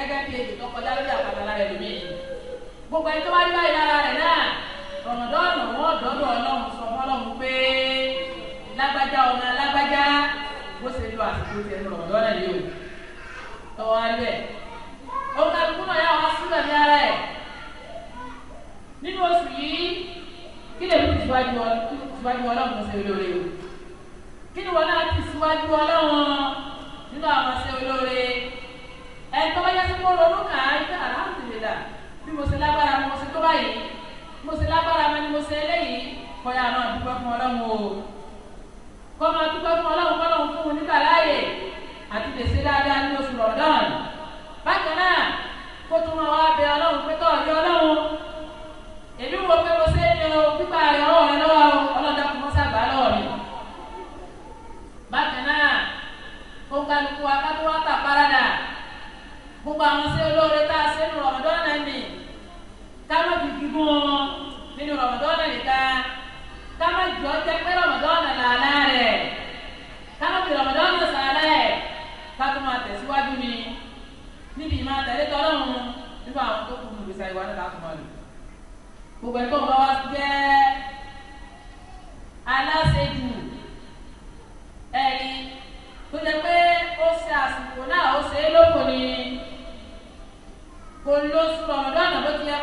gẹ́gẹ́ bí ètò tó kọjá lórí àpàtà lára ẹlòmíì gbogbo ẹni tó bá rí báyìí lára rẹ̀ náà rọ̀nàdọ́ọ̀nà wọn dọ́dọ̀ ọlọ́run sọ fún pé lágbájá ọmọ lágbájá bó ṣe lo àsìkò tiẹ̀ ní rọ̀nàdọ́ọ̀nà yìí o tọ́wọ́ á òun náà dúkú náà yà wọ́n sílẹ̀ ní ara ẹ̀ nínú oṣù yìí kí lè fi tìwájú ọlọ́run ṣe olóore o kí ni wọn náà ti síwájú ọlọ́run nínú àwọn ṣe olóore ẹni tó bá yẹ sí kó ronú kàn án ṣe àlàáfíà bí mo ṣe lágbára mo ṣe tó báyìí mo ṣe lágbára mi ni mo ṣe eléyìí kọ́yà náà dúpẹ́ fún ọlọ́run o kọ́ máa dúpẹ́ fún ọlọ́run kọ́lọ́run fún un nígbà láàyè àti lèṣe dáadáa ní oṣù rọ̀dán bákan náà kó tún máa wá bẹ ọlọ́run pé tọ́ ọ̀dẹ́ ọlọ́run èmi wo pé mo ṣe é ní o pípa rẹ̀ ọ̀rọ̀ rẹ̀ lọ́wọ́ ọlọ́dà kò mọ́ sábà lọ́wọ́ mi bákan náà kó kálukú wa ká tó wá tà parada gbogbo àwọn sí olóore tá a ṣe nínú rọ̀mọ̀dọ́nà náà nì ká má fi gbígbó wọn nínú rọ̀mọ̀dọ́nà nìkan ká má jọ jẹ́ pé rọ̀mọ̀dọ́nà làálá rẹ̀ ká má fi rọ̀mọ̀dọ́nà sàálẹ̀ ká tó máa tẹ̀síwájú mi níbi ìmọ̀ àtẹ̀lé tọ́lọ́run nípa àwọn tó kù nù gbèsè náà láti máa lò gbogbo ẹ̀kọ́ bá wá jẹ́ aláṣejù ẹ̀rí tó jẹ́ pé ó ṣe àsìkò náà ó ṣe é lóko ni kò lóṣù rọmọdọ́nà bó ti yẹ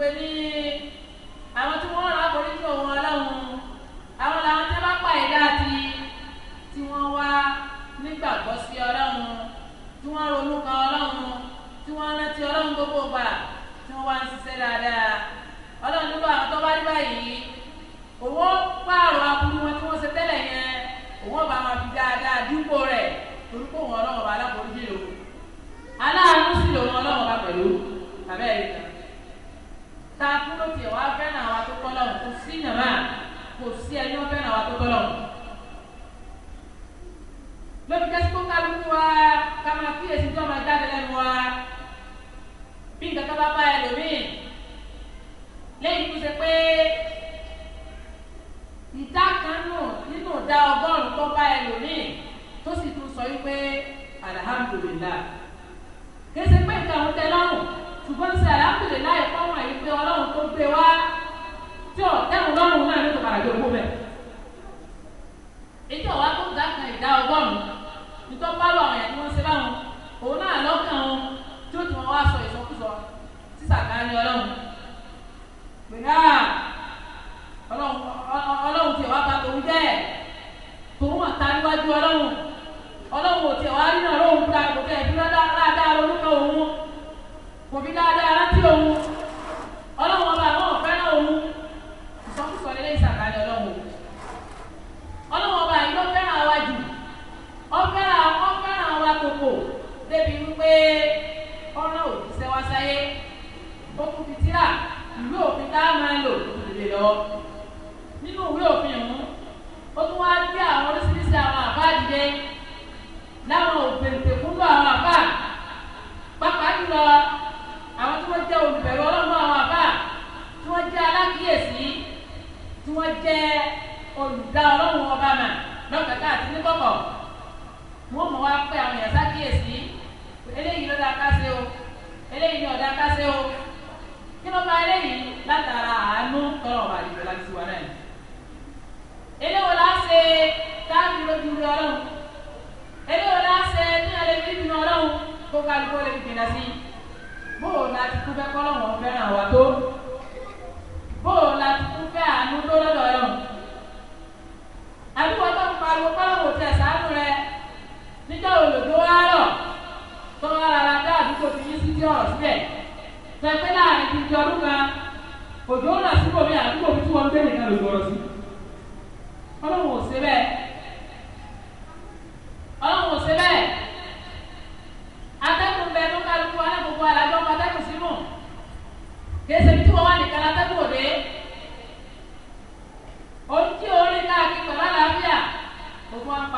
pè ní àwọn tí wọ́n rà àforíjì òun ọlọ́run àwọn làwọn tí wọ́n bá pa ẹ̀dá àti tí wọ́n wá nígbàgbọ́ sí ọlọ́run tí wọ́n ronú kan ọlọ́run tí wọ́n rántí ọlọ́run gbogbo gbà tí wọ́n wá ń ṣiṣẹ́ dáadáa ọlọ́run nígbà àwọn tó bá rí báyìí òwò pààrọ̀ aburú wọn tí wọ́n ṣe tẹ́lẹ̀ yẹn òwò bá wọn fi dáadáa dúpò rẹ̀ torí pé òun ọlọ́run ọba aláforíjì lòun aláàánú sì lòun ọlọ́run ọba pẹ̀lú àbẹ́ẹ̀ríkà tá a dúró tiẹ̀ wá fẹ́ràn àwa tó tọ́ lọ́hùn kò sí nàmá kò sí ẹni wọ́n fẹ́ràn àwa tó tọ́ lọ́hùn. lóbi jẹ́ sọ́kọ́ kálukú wa ká máa kíyèsí tó máa jáde lẹ́nu wa bí nǹkan kan bá bá ẹlòmíì lẹ́yìn tó ṣe pé ìdá kan nù nínú ìdá ọgọ́rùn-ún tó bá ẹlòmíì tó sì tún sọ wípé alihamudulilayi kí ẹ pé nǹkan àwọn tẹ lọ́rùn ṣùgbọ́n ti àlàáfíà láì fọ́nrán yìí pé ọlọ́run tó gbé wá tí ò dẹ́rù lọ́rùn náà ló tó padà gbé owó bẹ̀. ètò ọ̀wá tó dá kan ìdá ọgọ́rùn-ún nítorí bá lọ àwọn yẹn tí wọ́n ṣe báwọn òun náà lọ́kàn wọn tí ó ti wọn wá sọ ìsọkúsọ sísàkárí ọlọ́run gbẹ̀gà ọlọ́run tiẹ̀ wá bá tòun jẹ́ tòun mọ̀ ta níwájú ọlọ́run ọlọ́run ò tiẹ̀ wá rí náà lóhùn kúta kò tẹ̀ dúró dáadáa lórúkọ òun.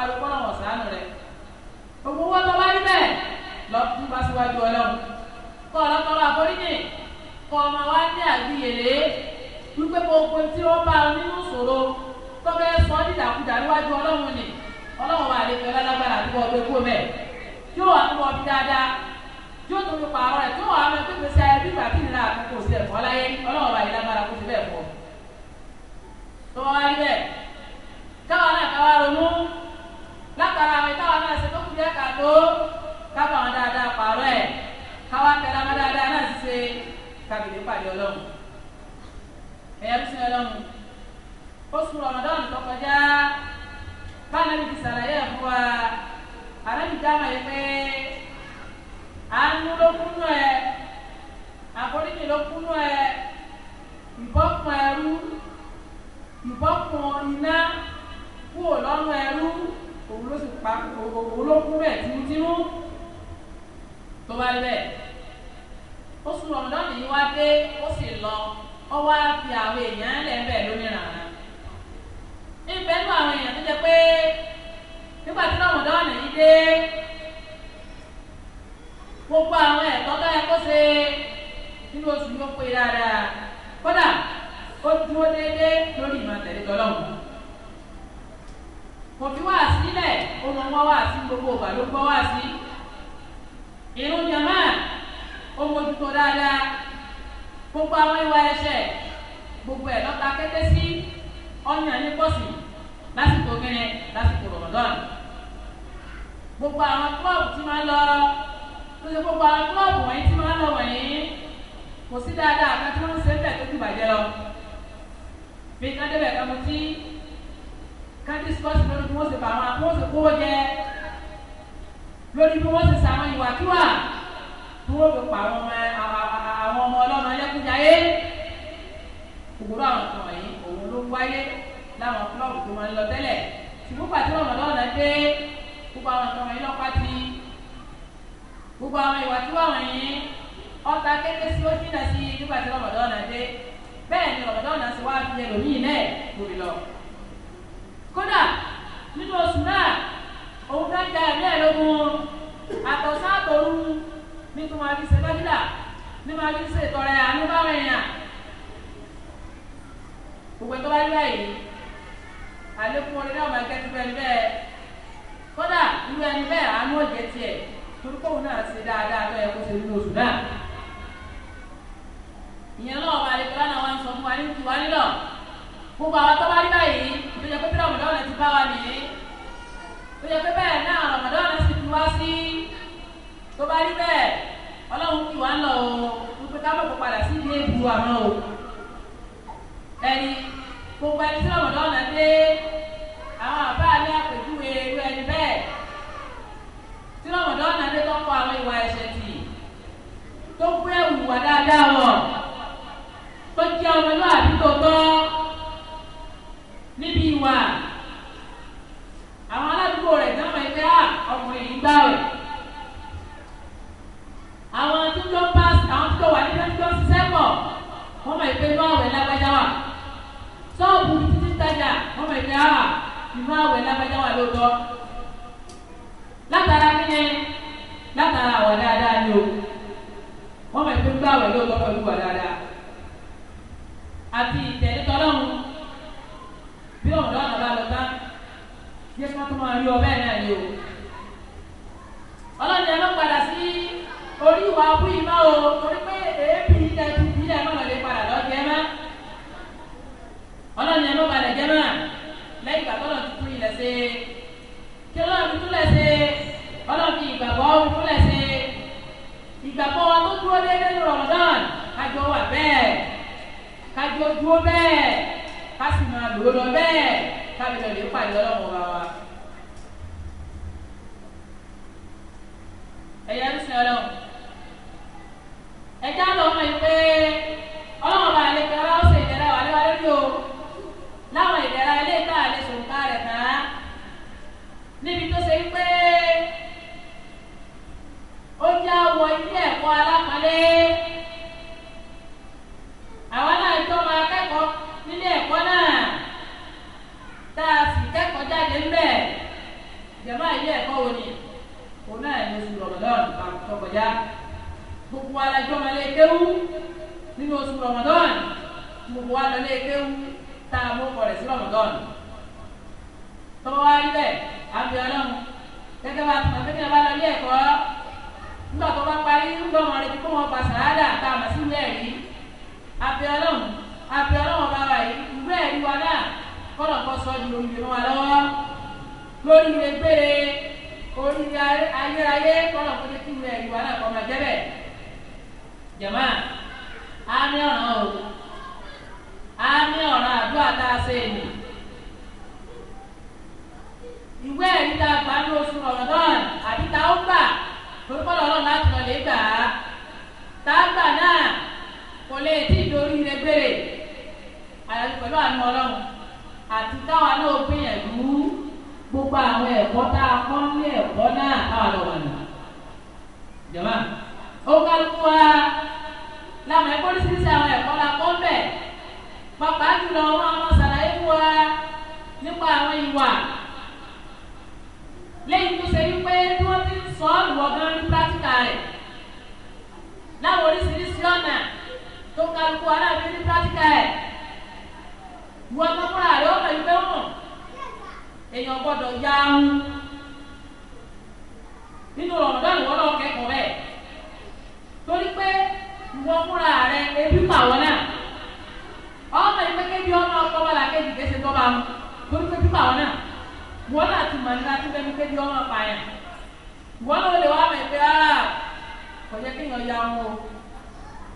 rí kọ́nà wọ̀ sánú rẹ̀ gbogbo owó tó bá rí bẹ́ẹ̀ lọ tún bá síwájú ọlọ́run kọ́ ọlọ́tọ́rọ́ àforíjì kọ́ ọmọ wa ní àgbìyèlé wípé gbogbo tí ó bá ọ nínú ìṣòro tó bẹ́ẹ̀ sọ dídàkudà níwájú ọlọ́run ni ọlọ́run wà lẹ́fẹ̀ẹ́ lálágbára àti bọ́ ọgbẹ́ kúrò bẹ́ẹ̀ yóò wà nínú ọbí dáadáa yóò tó fi pààrọ̀ rẹ̀ yóò wà á máa tó gbèsè ayé bí bàbí nira àkókò sí ẹ̀fọ́ láyé ọlọ́run wà lálágbára kó fi bẹ́ẹ̀ fọ́ tó wá látara àwọn ìtawà náà ṣe tó kù díẹ̀ kàtó kábà wọn dáadáa pààrọ̀ ẹ̀ káwá tẹ̀lé wọn dáadáa náà ṣe kábìlì pàdé ọlọ́run ẹ̀yà bí sinmi ọlọ́run oṣù rọ̀mọdọ́ọ̀nù tó kọjá báyìí níbi ìsàlàyé ẹ̀ fún wa àrẹ́bí dáhùn ẹ̀ pé àánú ló kúnú ẹ̀ àforíjì ló kúnú ẹ̀ ìbọ́kùn ẹrú ìbọ́kùn iná kúò lọ́rùn ẹrú òun ló sì pa òun ló kú rẹ̀ tìmùtìmù tó bá lẹ̀ oṣù rọ̀mọdán yìí wá dé ó sì lọ ọ wá fi àwọn èèyàn lẹ́ẹ̀bẹ̀ lómìnira ìbẹ́nu àwọn èèyàn tó jẹ pé nígbà tí rọ̀mọdán yìí dé gbogbo àwọn ẹ̀tọ́ tó yẹ kó ṣe nínú oṣù yóò pé dáadáa kódà ó dúró déédéé lórí kò fi wáàsí nílẹ̀ ó mọ wá wáàsí gbogbo ìgbà ló gbọ́ wáàsí irun jama ó mójútó dáadáa gbogbo àwọn ìwà ẹ̀ṣẹ̀ gbogbo ẹ̀ lọ́ta kété sí ọ̀yàn ní pọ́sì lásìkò kẹrẹ lásìkò rọ̀mọ̀dọ́n gbogbo àwọn kílọ̀bù tí máa ń lọ tó ṣe gbogbo àwọn kílọ̀bù wọ̀nyí tí máa ń lọ wọ̀nyí kò sí dáadáa kan tí wọ́n ń ṣe ń bẹ̀ tó ti bàjẹ́ lọ bí kádébẹ̀ kan mo ti kájí sọ́ọ̀sì lórí bí wọ́n ṣe bá wọn wọ́n ṣe kówó jẹ lórí bí wọ́n ṣe ṣàwọn ìwàkiwà tí wọ́n fi pa àwọn ọmọ àwọn ọmọ ọlọ́mọ ẹlẹ́kùnjáyé òwúrọ̀ àwọn kan wọ̀nyí òun ló wáyé láwọn kílọ̀bù tó máa ń lọ tẹ́lẹ̀ ṣùgbọ́n pàtó ọmọ lọ́nà dé gbogbo àwọn kan wọ̀nyí lọ́pàá ti gbogbo àwọn ìwàkiwà wọ̀nyí ọta kété sí ó jìnnà sí nígbà tí ọmọ lọ́nà dé bẹ́ẹ̀ ni ọ̀dọ́ náà ti wá fi ẹlòmíì náà lórí lọ kódà nínú oṣù náà òun náà jẹ ẹ̀mí ẹ̀ lógún àtọ̀sán àtòru ní tó máa fi ṣe dọ́kítà ní máa fi ṣe ìtọrẹ àánú báwọn èèyàn gbogbo tó bá rí báyìí àlékún orin náà máa kẹ́tù bẹ́ẹ̀ bẹ́ẹ̀ kódà irú ẹni bẹ́ẹ̀ àánú ọ̀jẹ̀ tiẹ̀ torí kóun náà ṣe dáadáa tó yẹ kó ṣe nínú oṣù náà ìyẹn náà wà lè kí wọn wá ń sọ fún wa ní tiwa nílọ gbogbo àwọn tọ́ba rí báyìí tó yẹ pé bí rọmọdọ́nà ti bá wa nìyí tó yẹ pé bẹ́ẹ̀ náà rọmọdọ́nà sì fi wá sí tó bá rí bẹ́ẹ̀ ọlọ́run kì wá ń lọ o wípé ká mọ̀kò padà sí ilé ìbu àná o ẹni gbogbo ẹni tí rọmọdọ́nà dé àwọn àbá mi àpèjúwe irú ẹni bẹ́ẹ̀ tí rọmọdọ́nà dé tó kọ àwọn ìwà ẹ̀ṣẹ̀ tì tó gbé ìwà dáadáa wọn tó jẹ́ ọmọlúwàbí tó tọ́ ìwà àwọn aládùúgbò rẹ̀ tí wọ́n mọ̀ pé ah, ọkùnrin yìí gbà rẹ̀ àwọn tó jọ pass àwọn tó wà nílẹ̀ tó ṣiṣẹ́ pọ̀ wọ́n mọ̀ pé inú àwẹ̀ lágbájá wà sọ́ọ̀bù títí tajà wọ́n mọ̀ pé ah, inú àwẹ̀ lágbájá wà lóòótọ́ látara kínyẹn látara àwọ̀ dáadáa ni o wọ́n mọ̀ pé gbàwẹ̀ lóòótọ́ pẹ̀lú wà dáadáa àti ìtẹ̀lẹ́tọ́lọ́run tí ọ̀dọ́ àná bá lọ tán tí ẹ tó máa rí ọ bẹ́ẹ̀ náà ni o. ọlọ́ni ẹ má padà sí orí ìwà abú yìí má o torí pé èébì yìí dẹ ti bí dẹ mọ̀nà lè padà lọ jẹ má. ọlọ́ni ẹ má padà jẹ má lẹ́yìn ìgbà tọ́lọ̀ ti tún ilẹ̀ ṣe kí ọlọ́run ti tún lẹ̀ ṣe ọlọ́run fi ìgbàgbọ́ tún lẹ̀ ṣe ìgbàgbọ́ wa tó dúró déédéé lọ́rọ̀ náà kájọ wà bẹ́ẹ̀ kájọ dúró bẹ́ẹ̀ ká sì máa lò lọ bẹ́ẹ̀ káàbí lọ lè pàdé ọlọ́run wa wa. ẹ̀yà ló sin ọlọ́run ẹ̀já lọ mọ̀ ẹ́ pé ọlọ́run bá lè kẹ́ ọ́ ṣe ìdẹ́ra wà léwá lórí o láwọn ìdẹ́ra ilé ìta àlejò ń bá rẹ̀ ká níbi tó ṣe pé. kálukú aláàbí ní pírátíkà ẹ̀ wọ́n tó fúnra rẹ̀ ó mọ̀ ìgbẹ́ wọn èèyàn gbọ́dọ̀ yá ń nínú rọ̀mọ̀dọ́nù wọn lọ́ọ́ kẹ́kọ̀ọ́ bẹ́ẹ̀ torí pé ìwọ fúnra rẹ̀ ebi pa wọn náà ọmọ ìpẹ́kẹ́bí ọmọ ọkọ wọn làkejì kése tó bá mu torí pé pípa wọn náà wọn náà ti mọ̀ nígbà tí bẹ́ẹ̀ kẹ́bí ọmọ pààyàn wọn náà lè wá mọ̀ ìpẹ́ rárá kọjá kéèyàn yá wọn o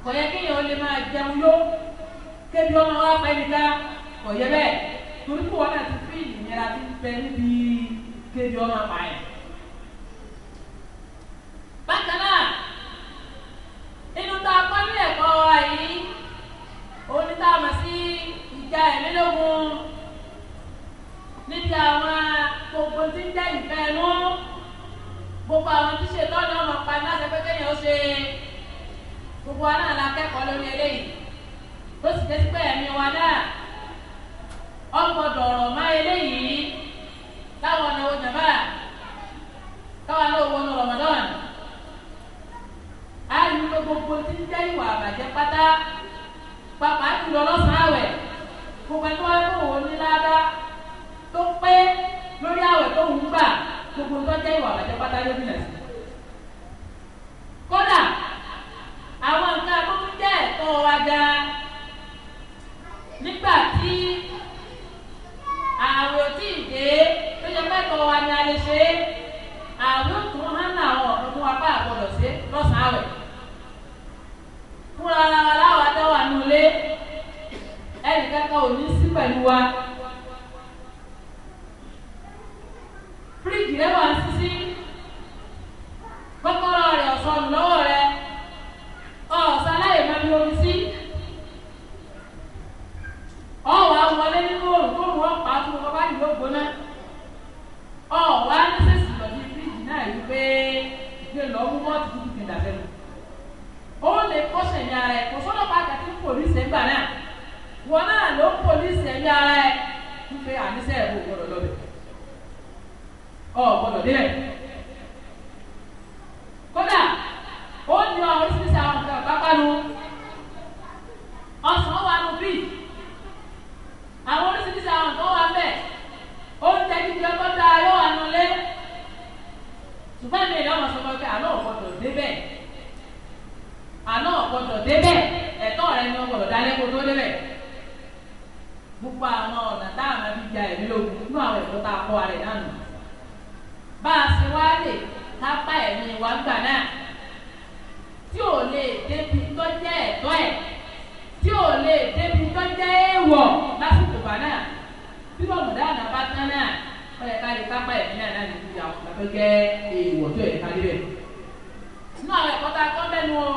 kò yẹ kí yẹn ó lè máa jẹun yó kébi ọmọ wa pẹ́ nìkan kò yẹ bẹ́ẹ̀ torí kò wọ́n náà fi ìnira ti bẹ níbi kébi ọmọ pa yẹn. bákan náà nínú tá a kọ́ ní ẹ̀kọ́ wa òun ni tá a mọ̀ sí ìjà ẹ̀mí lógun níbi àwọn gbogbo tí ń jẹ́ ìfẹ́ ẹnu gbogbo àwọn tí ṣètọ́ ni wọ́n máa pa ní láti pé kéèyàn ó ṣe gbogbo wa náà la kẹ́kọ̀ọ́ lórí eléyìí tó sì jẹ́ pé ẹ̀mí wa náà ọkọ̀ dọ̀rọ̀ má eléyìí táwọn ọ̀nà wo jàmbá táwọn náà wọnú Ramadan á yí pé gbogbo tí ń jẹ́ ìwà àbàjẹ́ pátá pàpà á jùlọ lọ́sàn-án àwẹ̀ gbogbo ẹni tó wá kó òun ní ládá tó pé lórí àwẹ̀ tó ń gbà gbogbo tó jẹ́ ìwà àbàjẹ́ pátá lóbi nà kódà àwọn nǹkan akókó jẹ́ ẹ̀tọ́ wa gan nígbà tí àwọn tí ì dé tó yẹ mẹ́tọ́ wa ni a lè ṣe é àwọn òtún hàn ní àwọn ọ̀rọ̀ fún wa bá àgbọ̀dọ̀ sí lọ́sàn-án àwẹ̀ fúnra wa láwa dá wà nulẹ̀ ẹnì kankan ò ní sí pẹ̀lú wa. fíríjì rẹ̀ wà sísí kọ́kọ́rọ́ rẹ̀ ọ̀sán lọ́wọ́ rẹ̀. wọ́n pa tí wọ́n bá yóò gbóná ọ̀ wá ní sèṣì lọ sí fíríjì náà yìí pé ìgbé lọ mú wọ́n ti fi dàbẹ́ lọ. ó lè kó sẹ̀yìn ara ẹ̀ kó sọ́dọ̀ pàtàkì tí pòlíìsì ẹ̀ gbà náà wọn náà ló ń pòlíìsì ẹ̀ yára ẹ̀ wípé àníṣe ẹ̀ kò gbọdọ̀ lọ́bẹ̀ ọ̀ gbọdọ̀ délẹ̀ kódà ó ní oríṣiríṣi àwọn ọ̀gá pápánu ọ̀sán wà nù bíi àwọn oríṣiríṣi àwọn tó wà bẹ́ẹ̀ oúnjẹ jíjẹ tó dáa yóò wà nulẹ̀ ṣùgbọ́n mi ìyá ọmọ sọ fún mi pé àlọ́ ọ̀gbọ́dọ̀ débẹ̀ àlọ́ ọ̀gbọ́dọ̀ débẹ̀ ẹ̀tọ́ rẹ ni ọ̀gbọ́dọ̀ dalẹ́ kó tó débẹ̀ gbogbo àwọn ọ̀nà tá a máa fi ja ẹ̀mí lógun nínú àwọn ẹ̀kọ́ tá a kọ́ ara ẹ̀ dànù bá a ṣe wá lè kápá ẹ̀mí wa gbà náà tí ò lè débi tó jẹ́ ẹ̀tọ́ ẹ̀ tí ò lè débi tó jẹ́ èèwọ̀ lásìkò bá náà tí rọ̀mùdá àná bá tán náà ó yẹ ká lè kápá ẹ̀mí náà láti fi àwọn ìgbà tó jẹ́ èèwọ̀ tó yẹ ká lè nínú àwọn ẹ̀kọ́ tá a kọ́ mẹ́nu o.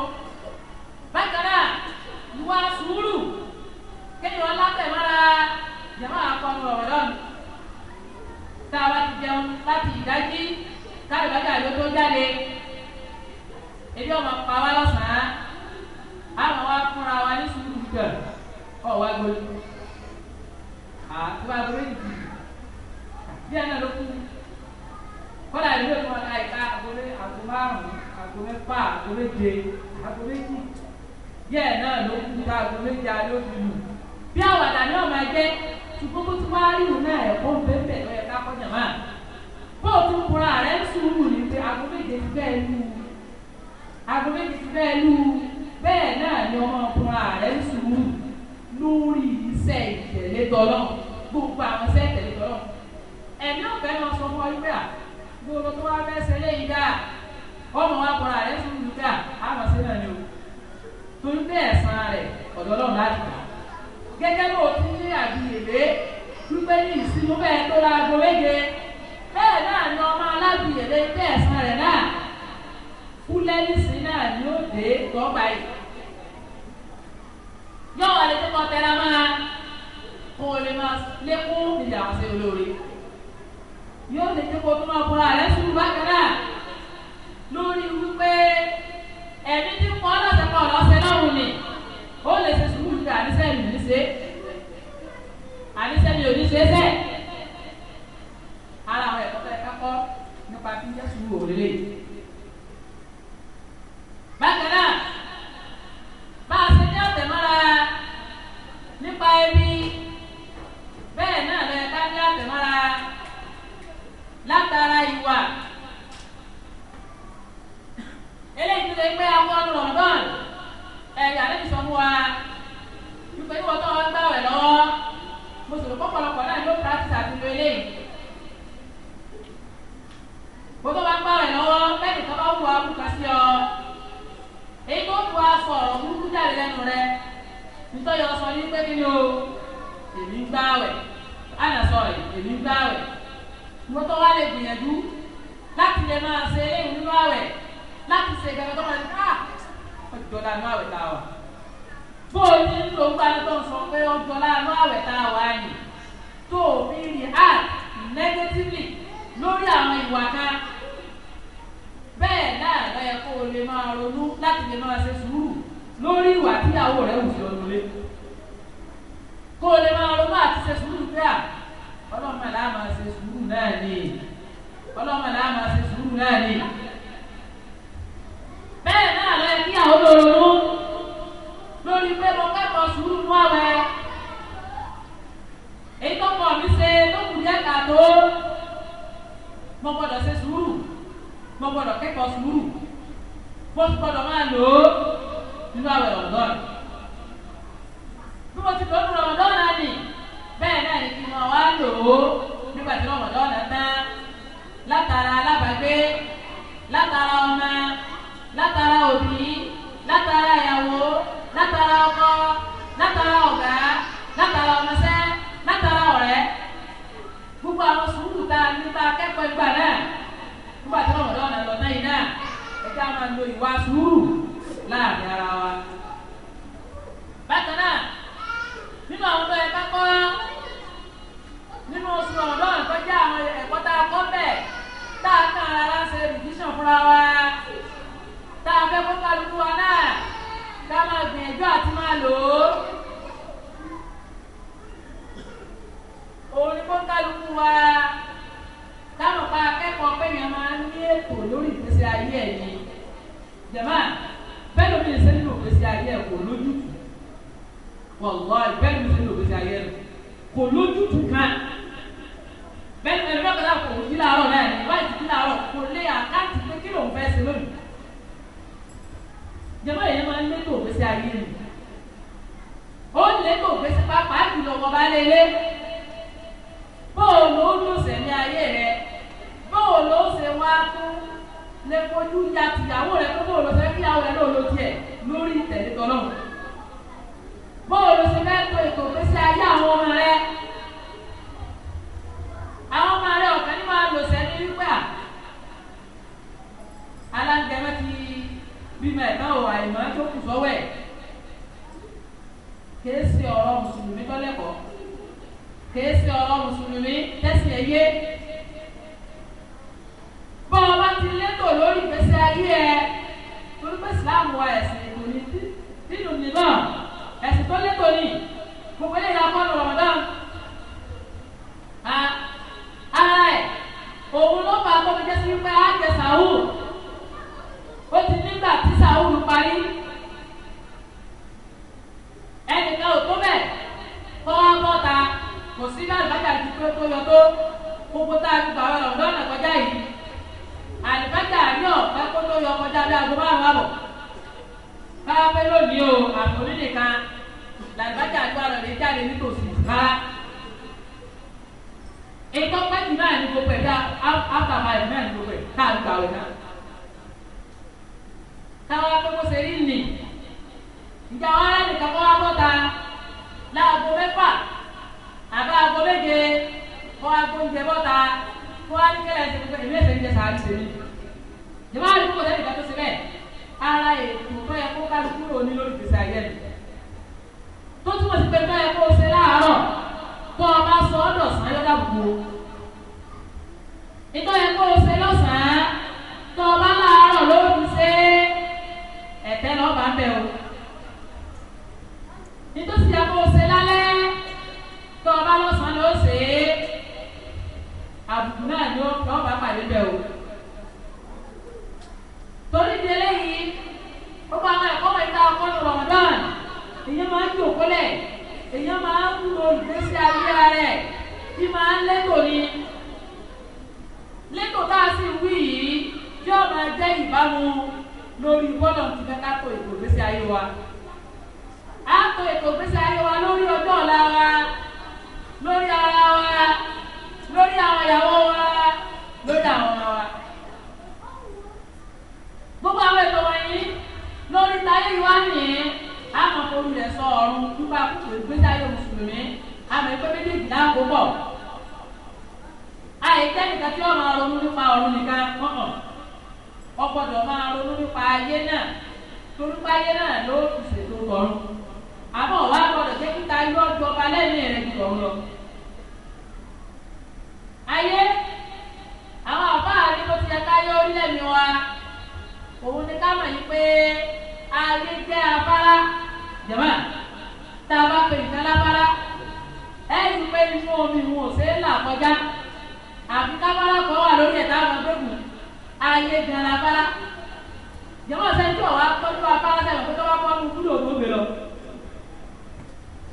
corre lì bó ti gbọdọ̀ máa lò ó nínú àwẹ̀ ọ̀dọ́n bí mo ti lò ó nínú ọ̀dọ́n náà nì bẹ́ẹ̀ náà ni kí n máa wá lò ó nígbà tí wọ́n ọ̀dọ́n náà tán látara alábàágbé látara ọmọ látara òbí látara ìyàwó látara ọkọ látara ọ̀gá látara ọmọọṣẹ́ látara ọ̀rẹ́ gbogbo àwọn sùúrù tá a ní bá akẹ́kọ̀ọ́ ìgbà náà nígbà tí wọ́n ọ̀dọ́n náà náà yìí náà kí a máa lo ìwà sùúrù láàrin ara wa. bákan náà nínú àwọn tó yẹ ká kọ́ nínú oṣù ọ̀dọ́ ìkọjá àwọn ẹ̀kọ́ tá a kọ́ bẹ́ẹ̀ tá a kàn ara ṣe rìdíṣàn fúnra wa tá a fẹ́ kó kálukú wa náà ká máa gbìyànjú àti máa lò ó. òun ni kó kálukú wa táwọn pa akẹ́kọ̀ọ́ pé yẹn máa ń ní ètò lórí ìgbésí ayé ẹ̀ jẹ̀mọ́ bẹ́ẹ̀ ló mi lè sẹ́ni lòpin sí ayé ẹ̀ kò lójútùú wàlláhì bẹ́ẹ̀ ló mi sẹ́ni lòpin sí ayé ẹ̀ kò lójútùú kan bẹ́ẹ̀ ẹ̀rọ bẹ́ẹ̀ kọ́lá kò yí láàárọ̀ náà ẹ̀ wáyé ti yí láàárọ̀ kò lé àkáǹtì pé kí lòun fẹ́ sí lónìí jẹ̀mọ́ yẹn máa ń lé lòpin sí ayé ẹ̀ ó lé lòpin sí pápá jùlọ wọn bá lé lé bóòlù ó lòsẹ̀ ní ayé rẹ bóòlù ó ṣe wá fún lè fojú ya tìyàwó rẹ kó bóòlù ṣe kí àwọn ẹlò ló tiẹ̀ lórí ìtẹ̀lé tọ́lọ́mù bóòlù ṣe fẹ́ tó ètò ìgbésí ayé àwọn.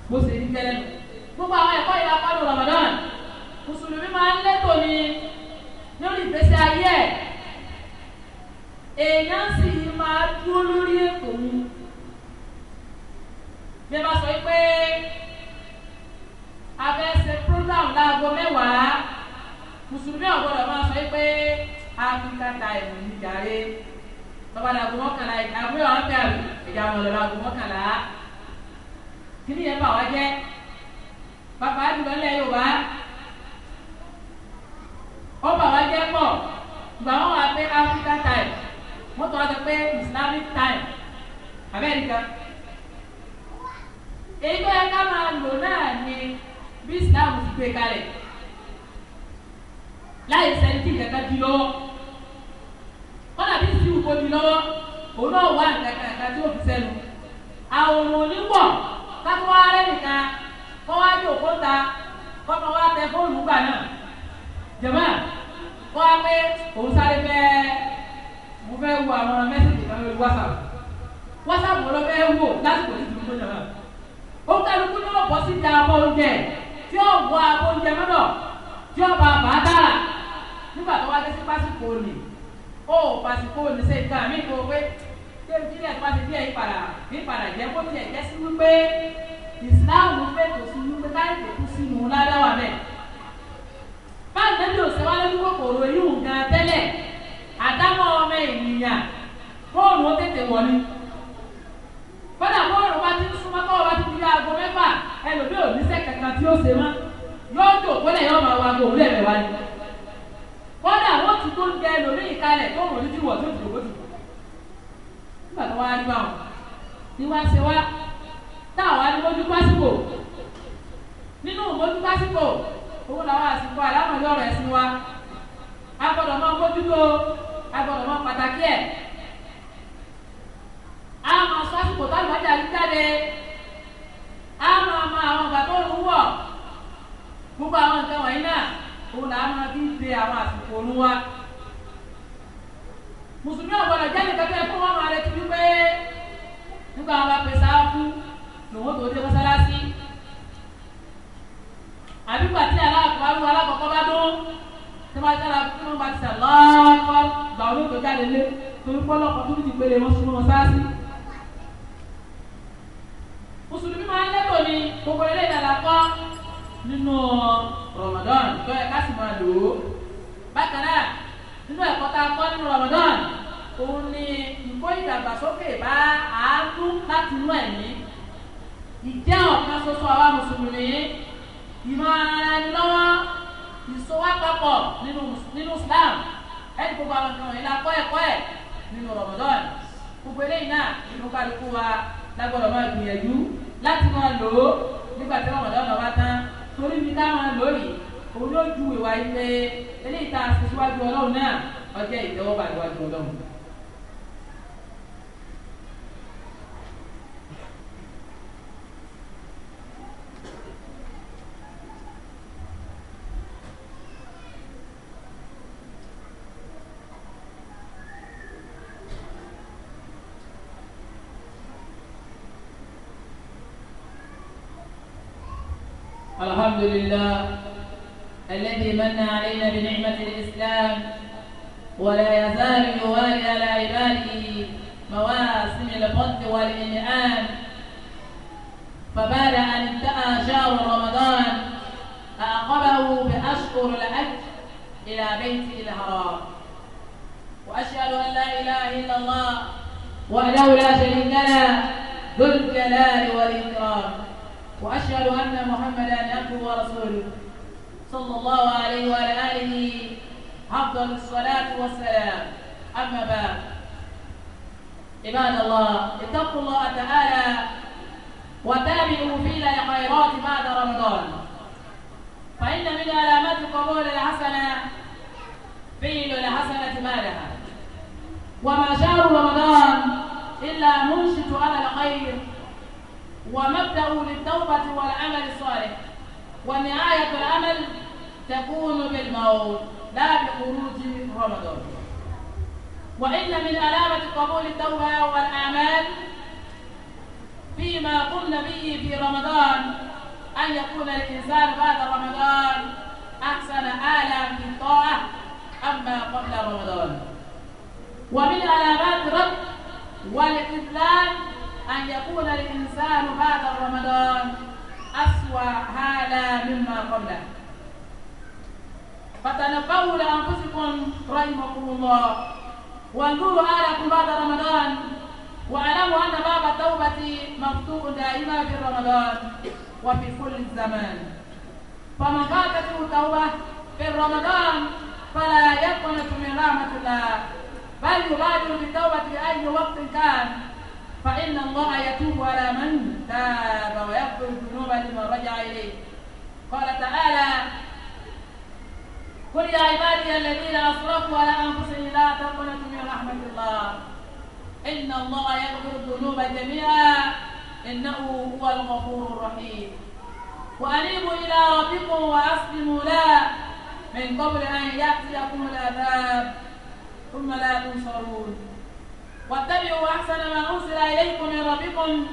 bó ṣe rí tẹ́lẹ̀ gbogbo àwọn ẹ̀kọ́ yìí lápá ló Ramadan mùsùlùmí máa ń létò ní lórí ìgbésí ayé ẹ̀ èèyàn sì máa dúró lórí ètò òun bí ẹ bá sọ pé a fẹ́ ṣe program láago mẹ́wàá mùsùlùmí ọ̀gbọ́dọ̀ máa sọ pé Africa time ní jàre tọ́ba làgùn mọ́kànlá ìjà àbúrò àwọn tẹ̀ àbí ìjà àwọn ọ̀lọ́lá àgùn mọ́kànlá. Kini yẹn bà wá jẹ́ bàbá àdúgbò ńlẹ̀ Yorùbá ó bà wá jẹ́ pọ̀ gbà wọ́n wá pé Africa time wọ́n tún wá sọ pé Islamic time Amẹ́ríkà èyí tó yẹ ká máa lò náà ni bí Islam ti gbé kalẹ̀ láì sẹ́ni tí kankan di lọ́wọ́ kọ́nà bí sí ìwúkọ́ di lọ́wọ́ òun náà wà nǹkan kan tí ó àwọn òun ò kátó wá rẹ́ nìkan kọ́ wá jò kó ta kọ́ mọ wá tẹ fóònù gbà náà jẹ̀mọ́ kọ́ wá pé òun sáré fẹ́ mo fẹ́ wo àwọn mẹ́sàgì kan lórí wásaapu wásaapu lọ fẹ́ wò lásìkò tí tìǹbù jọba ó kálukú ní ọ̀pọ̀ sí ti abọ́ oúnjẹ tí ó wọ abọ́ oúnjẹ mọ́dọ̀ tí ó bá bàá dára nígbà tó wá dé sí pásíkò òní ó pásíkò òní ṣe nǹkan àmì ìfowópamọ́ débi tí ilẹ̀ tó bá ti bí ẹ̀yìn padà bí padà jẹ́ kó tiẹ̀ jẹ́ sí wípé ìsìláàmù fètò sí wípé káyọ̀ tó kú sínú ládàwà bẹ́ẹ̀. báyìí lẹ́bi òsèwálé ní kòkòrò lágbọ́dọ̀ máa gbìyànjú láti máa lò ó nígbà tí wọ́n lọ́nà wá tán torí mi ká máa lò yìí òun ló ju ìwà ilé eléyìí tá a ṣe síwájú ọlọ́run náà ọjọ́ ìtẹ́wọ́gbà ìwájú ọlọ́run. الحمد لله الذي من علينا بنعمة الإسلام ولا يزال يوالي على عباده مواسم الفضل والإنعام فبعد أن انتهى شهر رمضان أعقبه بأشهر الحج إلى بيته الحرام وأشهد أن لا إله إلا الله وأنه لا شريك له ذو الجلال والإكرام وأشهد أن محمدا عبده ورسوله صلى الله عليه وعلى آله أفضل الصلاة والسلام أما بعد عباد الله اتقوا الله تعالى وتابعوا في خيرات بعد رمضان فإن من علامات قبول الحسنة فعل الحسنة مالها وما شهر رمضان إلا منشط على الخير ومبدأ للتوبة والعمل الصالح ونهاية العمل تكون بالموت لا بخروج رمضان وإن من علامة قبول التوبة والأعمال فيما قمنا به في رمضان أن يكون الإنسان بعد رمضان أحسن حالا في الطاعة أما قبل رمضان ومن علامات رد والإذلال أن يكون الإنسان هذا رمضان أسوأ حالا مما قبله فتنقوا لأنفسكم رحمكم الله وانظروا أهلكم بعد رمضان واعلموا أن باب التوبة مفتوح دائما في رمضان وفي كل الزمان فمن فاتته التوبة في رمضان فلا يقنط من رحمة الله بل يبادر بالتوبة في أي وقت كان فإن الله يتوب على من تاب ويغفر الذنوب لمن رجع إليه قال تعالى قل يا عبادي الذين أسرفوا على أنفسهم لا تقنطوا من رحمة الله إن الله يغفر الذنوب جميعا إنه هو الغفور الرحيم وأنيبوا إلى ربكم وأسلموا له من قبل أن يأتيكم العذاب ثم لا تنصرون واتبعوا أحسن ما أنزل إليكم من ربكم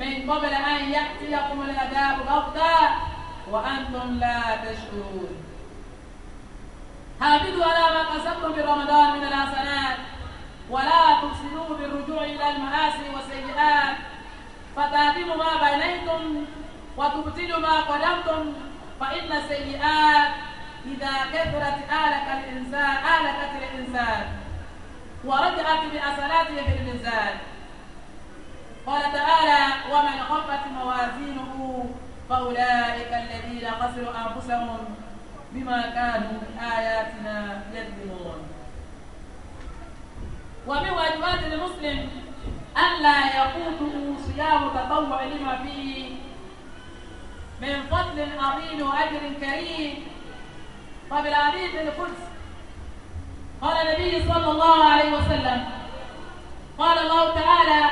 من قبل أن يأتيكم العذاب بغتة وأنتم لا تشكرون. حافظوا على ما قسمتم في رمضان من الحسنات ولا تفسدوا بالرجوع إلى المآسي والسيئات فتعدموا ما بنيتم وتبطلوا ما قدمتم فإن السيئات إذا كثرت آلك الإنسان آلكت الإنسان ورجعت بأصلاته في الميزان قال تعالى ومن خفت موازينه فأولئك الذين خسروا أنفسهم بما كانوا بآياتنا يظلمون ومن واجبات المسلم ألا يقوته صيام تطوع لما فيه من فضل عظيم وأجر كريم فبالحديث القدس قال النبي صلى الله عليه وسلم قال الله تعالى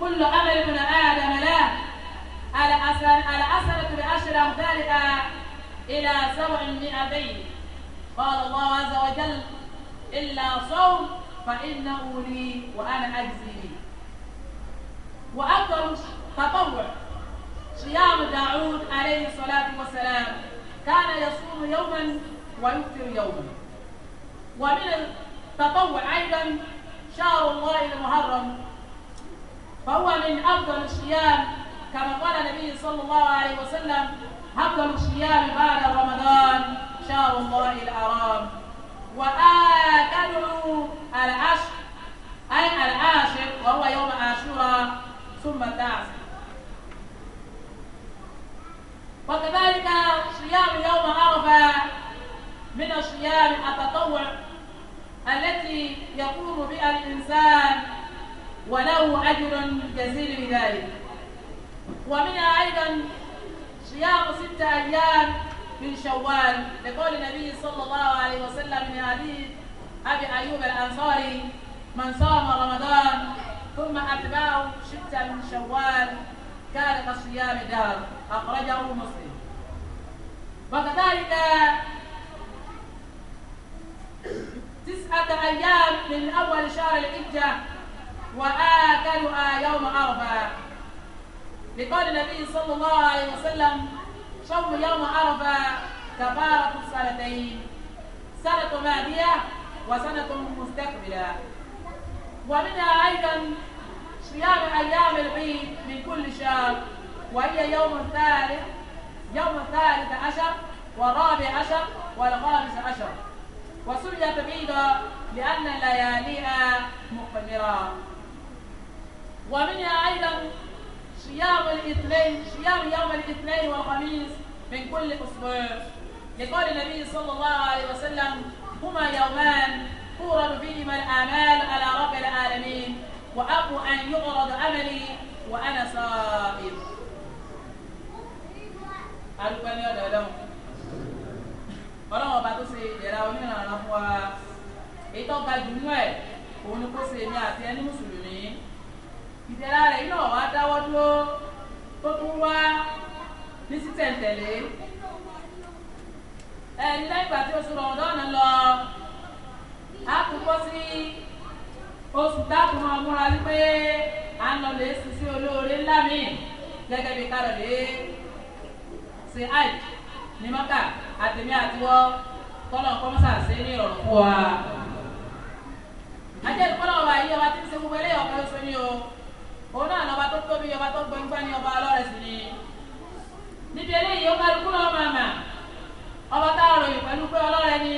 كل عمل ابن آدم لا على أسر على أسرة بعشر أمثالها إلى سبع مئتين قال الله عز وجل إلا صوم فإنه لي وأنا أجزي به وأكثر تطوع صيام داعود عليه الصلاة والسلام كان يصوم يوما ويفطر يوما ومن التطوع أيضا شهر الله المحرم فهو من أفضل الصيام كما قال النبي صلى الله عليه وسلم أفضل الصيام بعد رمضان شهر الله الحرام واكلوا العشر أي العاشر وهو يوم عاشوراء ثم التاسع وكذلك صيام يوم عرفة من الصيام التطوع التي يقوم بها الإنسان وله أجر جزيل بذلك ومنها أيضا صيام ستة أيام من شوال لقول النبي صلى الله عليه وسلم من حديث أبي أيوب الأنصاري من صام رمضان ثم أتباعه ستة من شوال كان كصيام دار أخرجه مسلم وكذلك تسعة أيام من أول شهر الحجة وآكلها يوم عرفة لقول النبي صلى الله عليه وسلم صوم يوم عرفة كفارة السنتين سنة ماضية وسنة مستقبلة ومنها أيضا صيام أيام العيد من كل شهر وهي يوم الثالث يوم الثالث عشر والرابع عشر والخامس عشر وسميت بيضا لأن لياليها مقمرة ومنها أيضا صيام الاثنين صيام يوم الاثنين والخميس من كل أسبوع لقول النبي صلى الله عليه وسلم هما يومان تورد فيهما الآمال على رب العالمين وأبو أن يعرض أملي وأنا صائم. ألوان يا لهم ọlọ́run ọba tó ṣe ìdẹ̀ra onírànlọ́ fún wa èyí tó ga jù nínú ẹ̀ òun ni kó ṣe èmi àti ẹni mùsùlùmí ìdẹ̀ra rẹ̀ iná wa dáwọ́ dúró tó tún wá ní títẹ̀ǹtẹ̀lé ẹni lẹ́yìn ìgbà tí oṣù rọ̀ọ̀dọ́nà lọ á tún kó sí oṣù táàtù máa múra wípé à ń lọ lè ṣiṣẹ́ olóore ńlá mi gẹ́gẹ́ bí ká lè ṣe àìsí ní mọ́kà àtẹ̀mí àtiwọ́ kọ́lọ̀ kọ́mọ́sà ṣe ní ọ̀rọ̀ fún wa. ajẹ́lu kọ́lọ̀ ọba yìí ọba tí ń ṣe gbogbo eléyìí ọ̀kan ló ṣe ní o òun náà lọ́ba tó tóbi ọba tó gbọ́ngbá ní ọba ọlọ́rẹ̀ sí ni. níbi eléyìí ó kálukú lọ́ọ́ máa mà ọba táwọn ròyìn pẹ̀lú pé ọlọ́rẹ̀ ni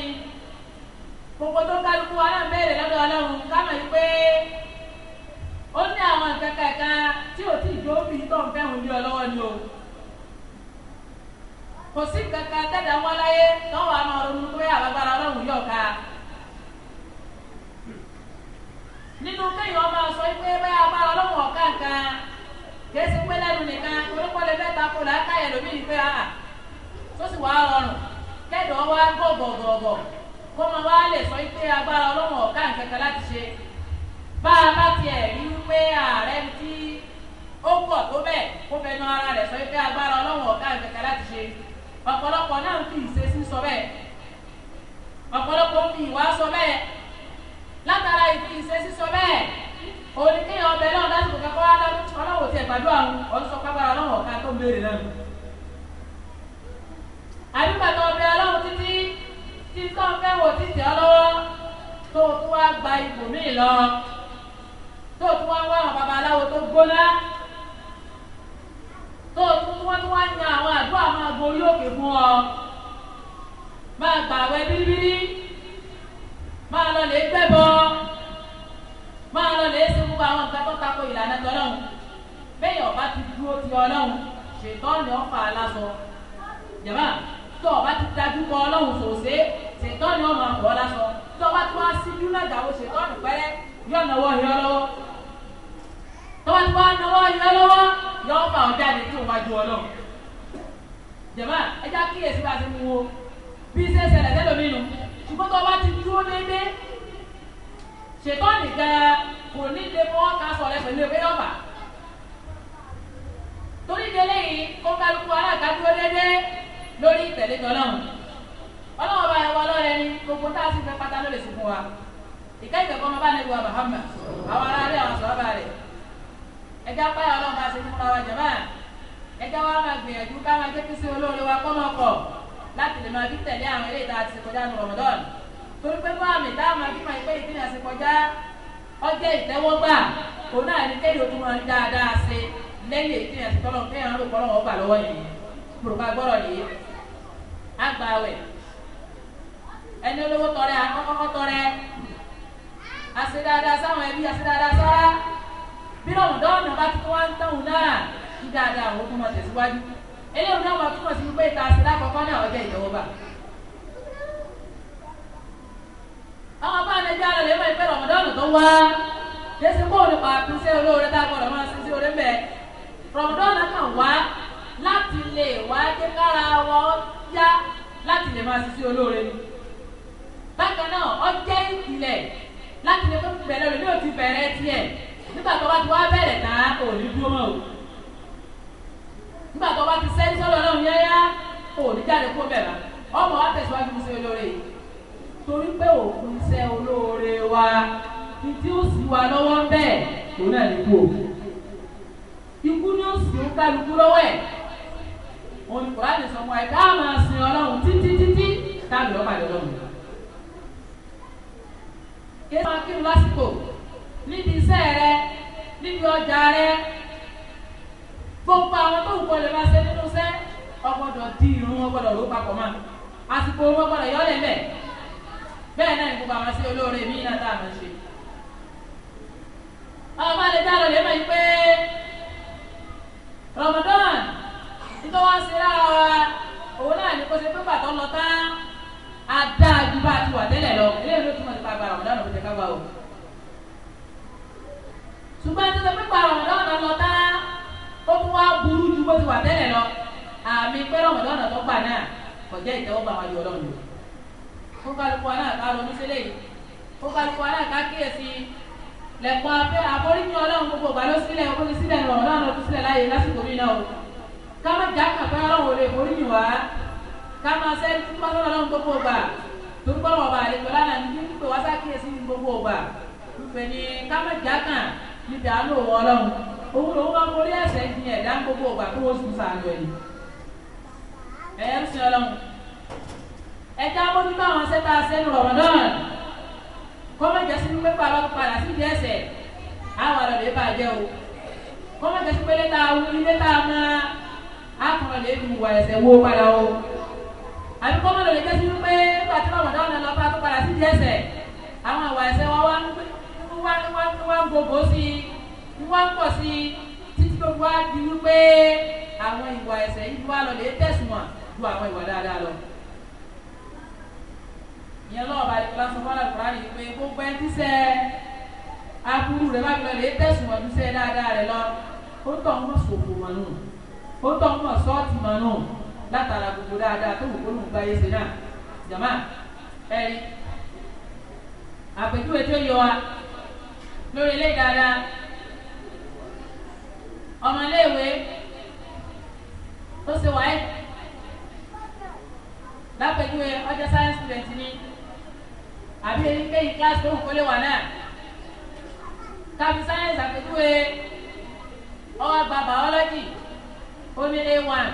gbogbo tó kálukú aláǹbẹ̀rẹ̀ lọ́dọ̀ ọlọ́run kámọ̀ yìí pé ó ní àwọn nǹkan kẹ̀kẹ́ tí ò tí ì dóbi tó ń fẹ́ kò sí kankan tẹ̀dá wọn láyé tọ́wọ́ àmọ́ ọ̀run pé àbábára ọlọ́run yọ̀ ká. nínú kéèyàn ọmọ sọ pé báyà bá ọlọ́run ọ̀ká nǹkan kìí ṣe pé lẹ́nu nìkan onípọ̀lẹ́ mẹ́ta kò lákàyè lómi ní pé àà ah, ah. tó sì wá rọrùn kẹ́dọ̀ wá gbọ̀gbọ̀gbọ̀ kó mọ wá lè sọ pé agbára ọlọ́run ọ̀ká nǹkan kan láti ṣe bá a bá tiẹ̀ rí pé ààrẹ tí ó pọ̀ tó bẹ́ẹ̀ kó fẹnu ara rẹ̀ sọ pé agbára ọlọ́run ọ̀ká nǹkan láti ṣe ọ̀pọ̀lọpọ̀ náà ń fi ìṣesí sọ bẹ́ẹ̀ ọ̀pọ̀lọpọ̀ ń fi ìwà sọ bẹ́ẹ̀ látara ìfi ìṣesí sọ bẹ́ẹ̀ òní kí ọbẹ̀ náà lásìkò kakọ́ ọlọ́wọ́ tiẹ̀ gbàdúrà ọ̀hún ọ̀sọ̀ kábàrà ọlọ́wọ́ ká tó ń béèrè náà àdúgbàtà ọbẹ̀ ọlọ́wọ́ títí tí sọ́ọ̀fẹ́ wò títí ọlọ́wọ́ tó o tún wá gba ipò míì lọ tó o tún wá wá àwọn babaláwo tó gbóná wọ́n tún wá ń yan àwọn àdúrà máa gorí òkè fún ọ máa gbàwẹ̀ bíríbírí máa lọ lè gbẹ́bọ máa lọ lè ṣe gbogbo àwọn nǹkan tó tako ìlànà tọ́lọ́hún bẹ́ẹ̀ ọba ti dúró ti ọlọ́hún ṣètọ́ọ̀nì ọ̀fà aláṣọ jẹ̀má tó ọba ti dájú kọ ọlọ́hún sòṣè ṣètọ́ọ̀nì ọmọ àpò ọláṣọ tó ọba tó wá síjú lájàwó ṣètọ́ọ̀nì pẹ́rẹ́ yọ̀nà wọ̀ yọ lọ́wọ́ tó ọba tó wá náwó yọ lọ́wọ́ yọọ fà ọ jáde tí òun wájú Ọlọ́run jẹmọ ẹja kíyèsí bá ti mú wo bí ṣe ṣẹlẹ̀ sẹlẹmí nu ṣùgbọ́n tó bá ti dúró déédé ṣètò nìkan kò ní lè mọ ká sọ rẹ pẹ̀lú ẹgbẹ́ yọfà torí délé yìí kó kálukú alága dúró déédé lórí ìtẹ̀lé tọ́lọ́run Ọlọ́run bá ẹwà ọlọ́rẹ́ ni gbogbo tá a sì fẹ́ pátá ló lè sùn fún wa ìkẹ́ ìkẹ́kọ̀ọ́ ọmọ bá nílùú Muhammad àwọn aráàlú àwọn sọ̀rọ̀ bá rẹ̀ ẹjẹ apáyà ọlọ́run bá ṣe fúnra wa jẹ̀mọ́ ẹjẹ wa máa gbìyànjú ká máa jẹ́ kí sí olóore wa kọ́ máa pọ̀ láti lè máa fi tẹ̀lé àwọn eré ìta àti kọjá ní Ramadan torí pé fún àmì táwọn máa fi máa pé ìpínlẹ̀ àti kọjá ọjọ́ ìtẹ́wọ́gbà kò náà ní kéde ojú máa ń dáadáa ṣe lẹ́yìn ìpínlẹ̀ àti tọ́lọ̀ fẹ́ràn ló kọ́ lọ́wọ́ gbà lọ́wọ́ yìí gbòrògbà gbọ́rọ̀ yìí agbawẹ̀ ẹni olówó tọrẹ akọ́kọ́kọ́ tọrẹ àṣedáadáa sáwọn ẹbí àṣedáadáa táwọn bá tó wá ń tọ̀hún náà ní dáadáa àwọn tó máa tẹ̀síwájú eléyìí náà wà túmọ̀ sí wípé ìta sí lákọ̀ọ́kọ́ náà ọjọ́ ìjọba bá. àwọn bá ní ẹja rẹ̀ mọ̀ ìpẹ́ rọ̀mọdọ́nù tó wá jésù kóòlù pàápù sí olóore tá a gbọ́dọ̀ máa sí sí orí mẹ́ rọ̀mọdọ́nù kan wá láti lè wá jẹ́ kára wọ́n yá láti lè máa sí sí olóore ni bákan náà ọjẹ́ ìpìlẹ̀ láti lè fún bẹ̀rẹ̀ lórí òtí bẹ̀rẹ̀ tiẹ̀ nígbà tó bá ti wá bẹ̀rẹ̀ tán ò ní dúró mọ́ o nígbà tó bá ti sẹ́yìn sọ́dọ̀ náà yẹ́yá ò ní jáde kó bẹ̀rẹ̀ ọmọ wa tẹ̀síwájú fún iṣẹ́ olóore yìí torí pé òkun iṣẹ́ olóore wa ìdí ó sì wà lọ́wọ́ bẹ́ẹ̀ òun náà ní kú o ikú ni ó sì ń kálukú lọ́wọ́ ẹ̀ òun ni kòrá ti sọ fún ká máa sin ọlọ́run títí títí táàbì ọ̀pá ìdọ́lọ́run. kí ló máa kí n lásìkò níbi iṣẹ́ rẹ níbi ọjà rẹ gbogbo àwọn tó wù kọ́ lè máa ṣe nínú iṣẹ́ ọgbọ́dọ̀ dín irun wọn gbọ́dọ̀ ló papọ̀ mọ́ àsìkò wọn gbọ́dọ̀ yọ lẹ́lẹ̀ bẹ́ẹ̀ náà ni gbogbo àwọn sí olóore mi náà tá a máa ṣe. ọmọ àlè tá a lọ lè mọ̀ pé Ramadan nítorí wọn ṣe lára wa òun náà ní kó ṣe pé pàtó lọ tán á dáa ju bá a ti wà tẹ́lẹ̀ lọ eléyìí ló túmọ̀ nípa agbára Ramadan ló ti ká gbà o ṣùgbọ́n ẹni tó ti pípa rọ̀mọ̀dọ́nà lọ tá ó tún wá burú ju bó ti wà tẹ́lẹ̀ lọ àmì pé rọ̀mọ̀dọ́nà tó gbà náà kọjá ìtẹ́wọ́gbà wájú ọlọ́run lò ó kálukú aláǹká ronú sílẹ̀ yìí ó kálukú aláǹká kíyèsí lẹ́kọ̀ọ́ abẹ́ àforíjì ọlọ́run gbogbo ìgbà ló sílẹ̀ ó ní sílẹ̀ ní rọ̀mọ̀dọ́nà tó sílẹ̀ láàyè lásìkò mí náà o ká má jà kàkọ́ ọlọ́run ò lè foríjì wá ká má sẹ́ fúnpá lọ́wọ́ ọlọ́run gbogbo ìgbà tó ń gbọ́ wọ̀ bàálẹ̀ pẹ̀lú àná ní pé wá sá kíyèsí ní gbogbo ìgbà ń pè ní ká má já kàn níbi àánú ọlọ́run òun lòun máa forí ẹ̀ṣẹ̀ di ẹ̀dá gbogbo ọgbà tó wọ́n sùn sàánú ẹ̀yìn ẹ̀yẹ́ ń sin ọlọ́run ẹ̀ka mójútó àwọn sẹ́ta sẹ́nu ọ̀rọ̀ náà kọ́mọ̀jẹ́ sínú pépà lọ́kọ̀ padà sí ìdẹ́sẹ̀ àwọn ọ̀rọ̀ lè bàjẹ́ o kọ́mọ̀jẹ́ sí pélé tá a wú ilé tá a máa akọ̀rọ̀ lè dùn wà ẹ̀sẹ̀ wó padà o àbí kọ́mọ̀jẹ́ ń pè wá wá wá ń gbogbo sí i wá ń pọ̀ sí i títí tó wá di wípé àwọn ìwà ẹ̀ṣẹ̀ yìí wá lọ lè tẹ̀sùn wọn ju àwọn ìwà dáadáa lọ. ìyẹn lọ́wọ́ bá ikú lásán fọ́nà kúrá nìyí pé gbogbo ẹ ti sẹ́ aburú rẹ̀ bá fi lọ lè tẹ̀sùn wọn ju sẹ́ dáadáa rẹ̀ lọ ó tọ̀ ń mọ̀ sòfò wọn nù ó tọ̀ ń mọ̀ sọ́ọ̀tì wọn nù látara gbogbo dáadáa tó wù kó lóun gbáyé ṣe náà jàmá ẹ̀rí àpèjúwe tó yọ wa. lórí ilé dáadáa ọmọ iléèwé tó ṣe wáyé lápẹjúwe ọjọ́ science ni àbí èyíkéyìí kíláàsì tó wù kó wà náà káfí science àpèjúwe ọwọ́ gba biology ó a one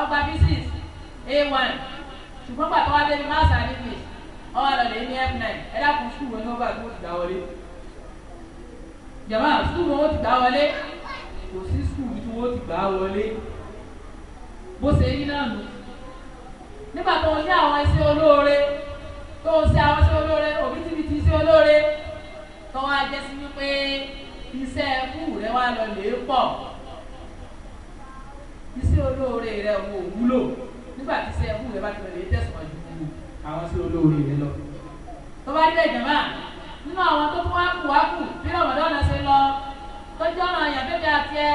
ọgbà a one ṣùgbọ́n pàtó wa débi mass and english àlọ́ lè ní f nine ẹ dákun sùkúl ni bá jàmbá sùkúù wọn ti gbà wọlé kò sí sùkúù tí wọn ti gbà wọlé bó ṣe yí náà nù nígbà tó ń ní àwọn iṣẹ́ olóore tó ń ṣe àwọn iṣẹ́ olóore òbítíbitì iṣẹ́ olóore tó wá jẹ́ sí wípé iṣẹ́ ẹkú rẹ wá lọ lè pọ̀ iṣẹ́ olóore rẹ wò wúlò nígbà tí iṣẹ́ ẹkú rẹ bá ti lọ lè tẹ̀sán ju àwọn iṣẹ́ olóore rẹ lọ. tó bá dé ìjàmbá nínú àwọn tó tún wá kù wá kù bí rọmọdọ́nà ṣe lọ tọ́jú ọ̀nà àyàn bébí àti ẹ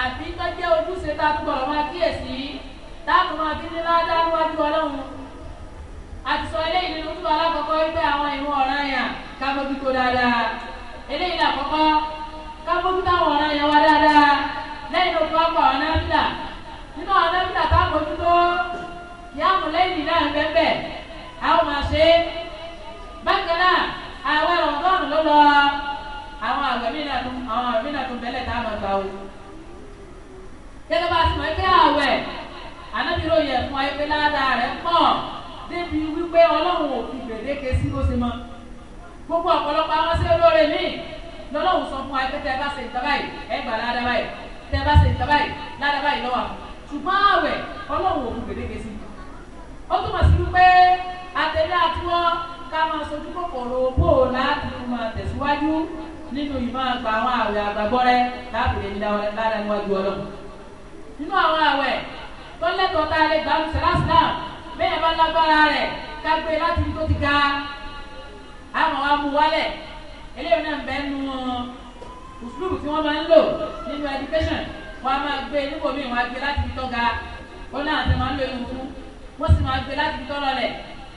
àbí tọ́jú ojúṣe tá a tún gbọ́dọ̀ máa kíyèsí táàbù máa bí nílá dáwájú ọlọ́run àti sọ eléyìí nínú tó alákọ̀ọ́kọ́ wípé àwọn ìwọ̀n ọ̀ràn yàn ká mójútó dáadáa eléyìí làkọ́kọ́ ká mójútó àwọn ọ̀ràn yàn wá dáadáa lẹ́yìn tó tó wá pa ọ̀nà bílà nínú ọ̀nà bílà ká mójútó yàmù lẹ́yìn náà bẹ́ẹ̀ bẹ́ẹ̀ àwọn máa ṣe bákan náà àwẹ̀ rọ̀mọdọ́ọ̀nù ló lọ àwọn àwẹ̀ mìíràn tún àwọn àwẹ̀ mìíràn tún bẹ́lẹ̀ tá a máa gbà o. gẹ́gẹ́ bá a ti mọ̀ pé àwẹ̀ anábìrò yẹ fún ayé pé ládàá rẹ̀ pọ̀ débi wípé ọlọ́run ò fi gbèdéke sí bó ṣe mọ́ gbogbo ọ̀pọ̀lọpọ̀ àwọn sí olóore míì lọ́lọ́run sọ fún ayé pé tẹ́ bá ṣe ìtọ́ báyìí ẹ gbà ládàá báyìí tẹ́ bá ṣe ìtọ́ báyìí ládàá báyìí lọ́wọ́ ṣùgbọ́n àwẹ̀ ọlọ́run ò fi gbèdéke sí ó túmọ̀ sí wípé àtẹ̀lé àtiwọ́ ká máa sojú kòkòrò bò láti máa tẹ̀síwájú nínú ìmọ̀ àgbà àwọn àwẹ̀ àgbàgbọ́rẹ́ láti lè dá wọn lára níwájú ọlọ́run. nínú àwọn àwẹ̀ tó lẹ́tọ̀ọ́ tá a lè gbà lùsẹ̀ bẹ́ẹ̀ bá lágbára rẹ̀ ká gbé e láti tó ti ga àwọn wa wálẹ̀ eléyìí náà ń bẹ́ nu ùsùlùmù tí wọ́n máa ń lò nínú education wọ́n á máa gbé e níbo míì wọ́n á gbé e láti ibi tó ga ó náà ti máa ń lo ewu fún wọ́n sì máa gbé láti ibi tó lọlẹ̀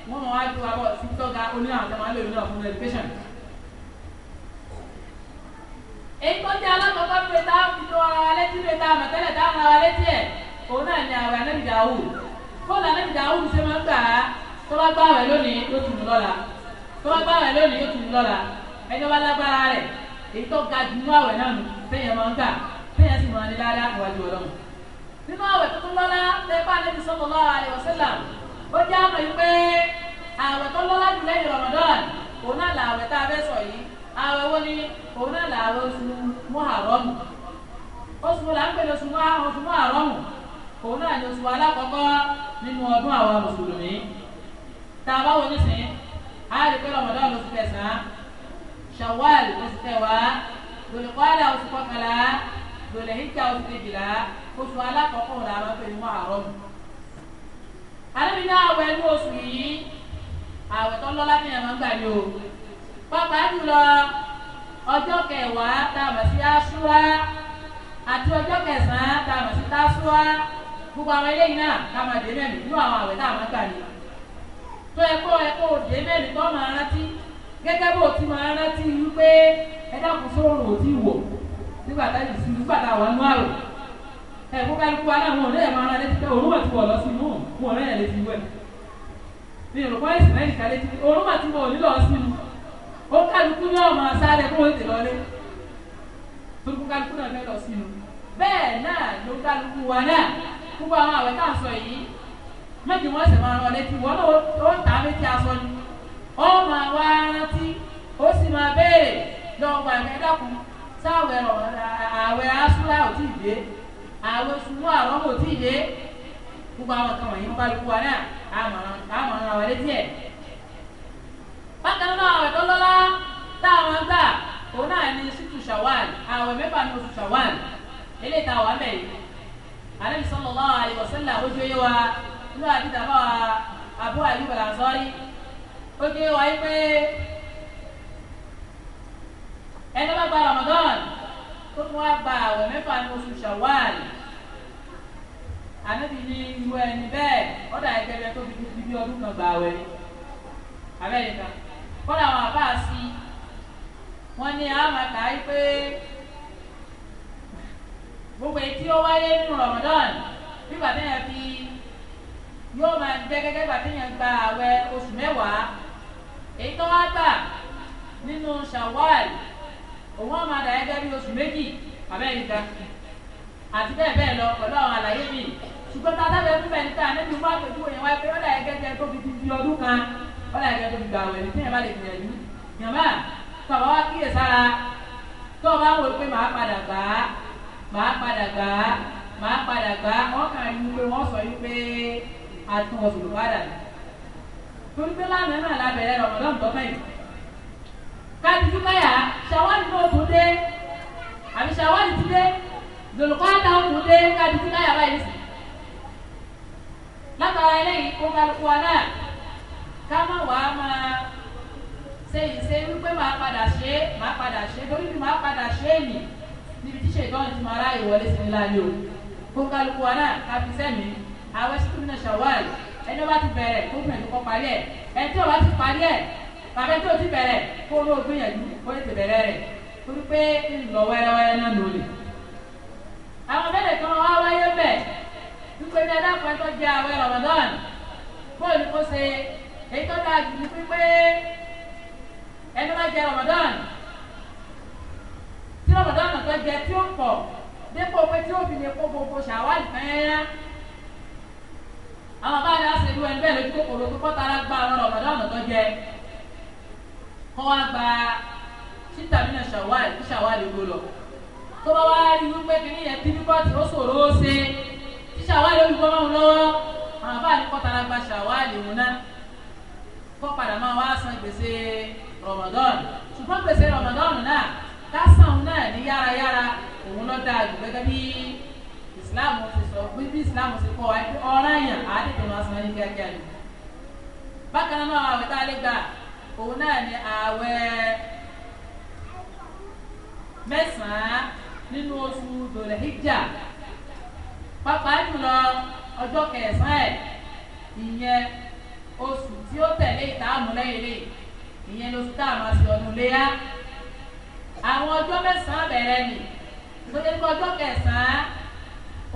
wọ́n mọ̀ wá ju abọ́ sí tọ́ga oní àwọn àtàwọn àlọ́ ìrìnà fún education. èyí tó jẹ́ alákọ̀ọ́kọ́ fi ta fi tó ara wa létí fi ta àmọ̀tẹ́lẹ̀ tá ara wa létí ẹ̀ òun náà ni àwẹ̀ anábìdá awù fóònù anábìdá awù ṣe máa ń gbà á tó bá gbà wẹ̀ lónìí yóò tún lọ́la tó bá gbà wẹ̀ lónìí yóò tún lọ́la ẹjọ́ bá lágbára rẹ̀ èyí tó ga jù nínú àwẹ̀ náà nù téèyàn máa ń gbà téèyàn sì máa ń ní ládàá àwàjù ọlọ́run nínú àwẹ̀ tuntun lọ́la tẹ́pá anábì sallallahu alaihi wasallam ó jẹ́ àmọ̀ yìí pé àwẹ̀ tó lọ́lá jù lẹ́yìn Ramadan òun náà làwẹ̀ tá a fẹ́ sọ yìí àwẹ̀ wo ni òun náà làwẹ̀ oṣù Muharram oṣù wo là ń pè ní oṣù Muharram òun náà ni oṣù alákọ̀ọ́kọ́ nínú ọdún àwa mùsùlùmí tá a bá wo nísìnyí a rí pé Ramadan lóṣù kẹsàn-án Shawwal lóṣù kẹwàá Dhul-Qa'da oṣù kọkànlá Dhul-Hijja oṣù kejìlá oṣù alákọ̀ọ́kọ́ làwọn pè ní nínú àwẹ̀ ní oṣù yìí àwẹ̀ tó lọ́lá ní ẹ̀mọ́ gbà ní o pàápàá jùlọ ọjọ́ kẹwàá tá a mọ̀ sí aṣúwá àti ọjọ́ kẹsàn-án tá a mọ̀ sí táṣúwá gbogbo àwọn eléyìí náà ká máa dé mẹ́rin nínú àwọn àwẹ̀ tá a máa gbà ní tó ẹ̀kọ́ ẹ̀kọ́ òdè mẹ́rin tó máa rántí gẹ́gẹ́ bó ti máa rántí wípé ẹ dákun sóòrò ò tí wò nígbà tá a wà nú àrò ẹ̀kọ́ kálukú aláwọn òde mo ọ̀rẹ́ yẹn lè fi wẹ̀ ní olùkọ́ ìsìnlẹ̀ ìkàlẹ̀ tí òun mà ti mọ ònílọ̀ sínú ó kálukú ní ọmọ sáré kó o tè lọlé torí kálukú náà fẹ́ lọ sínú bẹ́ẹ̀ náà ló kálukú wa náà gbogbo àwọn àwẹ̀ tá à ń sọ yìí méjì wọ́n sì máa rán létí wọ́n ó tà á létí aṣọ ni ó máa wá ó sì máa béèrè lọ́wọ́ àgbẹ̀ dákun sáwẹ̀ àwẹ̀ asúlá ò tí dé àwẹ̀ sùnmọ́ àrọ́mọ̀ ò tí dé gbogbo àwọn kan wọ̀nyí ń kálukú wa náà àmọ̀ràn àwọn létí ẹ̀. bákan náà àwẹ̀ tó lọ́lá táwọn gbà òun náà ní sítù ṣàwáàlì àwẹ̀ mẹ́fà ní oṣù ṣàwáàlì eléyìí tá a wà mẹ́rin alẹ́ sallallahu alaihi wasallam ojú yé wa inú àti tàbá wa Abu Ayyub al-Ansari ojú yé wa yí pé ẹni bá gba Ramadan tó tún wá gba àwẹ̀ mẹ́fà ní oṣù ṣàwáàlì ànábì ní irú ẹni bẹ́ẹ̀ ọ̀dà ẹgbẹ́rẹ́ tó fi bíbí ọdún kan gbà àwẹ̀ ni abẹ́rẹ́ kan kọ́dà àwọn àbá sí wọ́n ní àmàkà yìí pé gbogbo etí ó wáyé nínú Ramadan nígbà téèyàn fi yóò máa jẹ́ gẹ́gẹ́ gbà téèyàn gba àwẹ̀ oṣù mẹ́wàá èyí tó wá gbà nínú Shawwal òun ọmọ àdá ẹgbẹ́ bí oṣù méjì abẹ́rẹ́ kan àti bẹ́ẹ̀ bẹ́ẹ̀ lọ pẹ̀lú àwọn àlàyé mi ṣùgbọ́n tá a dábẹ́ fún bẹ́ẹ̀ níta ẹni mú àpèjúwe yẹn wáyé pé ọ̀dà ẹ̀gẹ́ jẹ tóbi ti di ọdún kan ọ̀dà ẹ̀gẹ́ tóbi gbà wẹ̀ nítorí ẹ̀bá lè gbìyànjú yàmá tọ̀wọ́ wá kíyè sára tó o bá wò pé màá padà gbà á màá padà gbà á màá padà gbà á wọ́n kàn ń pé wọ́n sọ yín pé atún ọ̀sùn padà torí pé lánàá náà lábẹ́rẹ́ rọ̀mọ̀dọ́n tó fẹ́yìn káàdìsí káyà ṣàwádìí tó tún dé àbí ṣàwádìí tún dé lòlùkọ́ àtàwọn tún dé káàdìsí káyà báyìí látara eléyìí kó kálukú wa náà ká má wàá máa ṣe ìṣe wípé màá padà ṣe é màá padà ṣe é torí bí màá padà ṣe é nì níbi tíṣe ìdánwò tí màá ráàyè wọlé sí nílá ni o kó kálukú wa náà ká fi sẹ́mi àwọn ṣùkúrú náà ṣàwọ́ọ̀lì ẹni wọ́n bá ti bẹ̀rẹ̀ kó gbìyànjú kó parí ẹ̀ ẹni tí wọ́n bá ti parí ẹ̀ bàbá tí ti bẹ̀rẹ̀ kó ló gbìyànjú kó lè ti rẹ̀ torí pé ńlọ wẹ́rẹ́wẹ́rẹ́ náà lò lè. àwọn bẹ́ẹ̀ kan wá wáyé bẹ́ẹ̀ wípé ní adáfọ́ tó jẹ àwẹ̀ Ramadan bóòlù kó ṣe èyí tó dáa jù ní pípé ẹni bá jẹ Ramadan tí Ramadan tó jẹ tí ó pọ̀ dípò pé tí ó fi lè kó gbogbo ṣàwálì fẹ́ẹ́yà àwọn bá yà ṣe wẹ́n bẹ́ẹ̀ lójú kòkòrò tó kọ́ tara gba àwọn Ramadan tó jẹ kọ́ wá gba títà mí náà ṣàwálì ṣàwálì gbó lọ tó bá wá rí wípé kìnìyẹn tí bíbọ́ọ̀tì ó ṣòro ó ṣe ṣàwálì olùkọ́ máa ń lọ́wọ́ àwọn àbáàlì kọ́tara gba ṣàwálì wọn náà kọ́ padà máa wá san gbèsè rọmọdọ́ọ̀nù ṣùgbọ́n gbèsè rọmọdọ́ọ̀nù náà kásán náà ní yárayára òun ló dáa jù gẹ́gẹ́ bí ìsìláàmù ti sọ bí ìsìláàmù ti kọ́ wa pé ọ̀ràn yàn á tètè máa san ní kíákíá ni bákan náà àwẹ̀ tá a lè gbà òun náà ní àwẹ̀ mẹ́sàn-án nínú oṣù dòlẹ́híjà pàápàá jùlọ ọjọ́ kẹsàn-án ẹ̀ ìyẹn oṣù tí ó tẹ̀lé ìtààmú lẹ́yìn lè ìyẹn lóṣù tá a máa ṣe ọdún léyà àwọn ọjọ́ mẹ́sàn-án bẹ̀rẹ̀ nì gbọ́dọ̀ pé ọjọ́ kẹsàn-án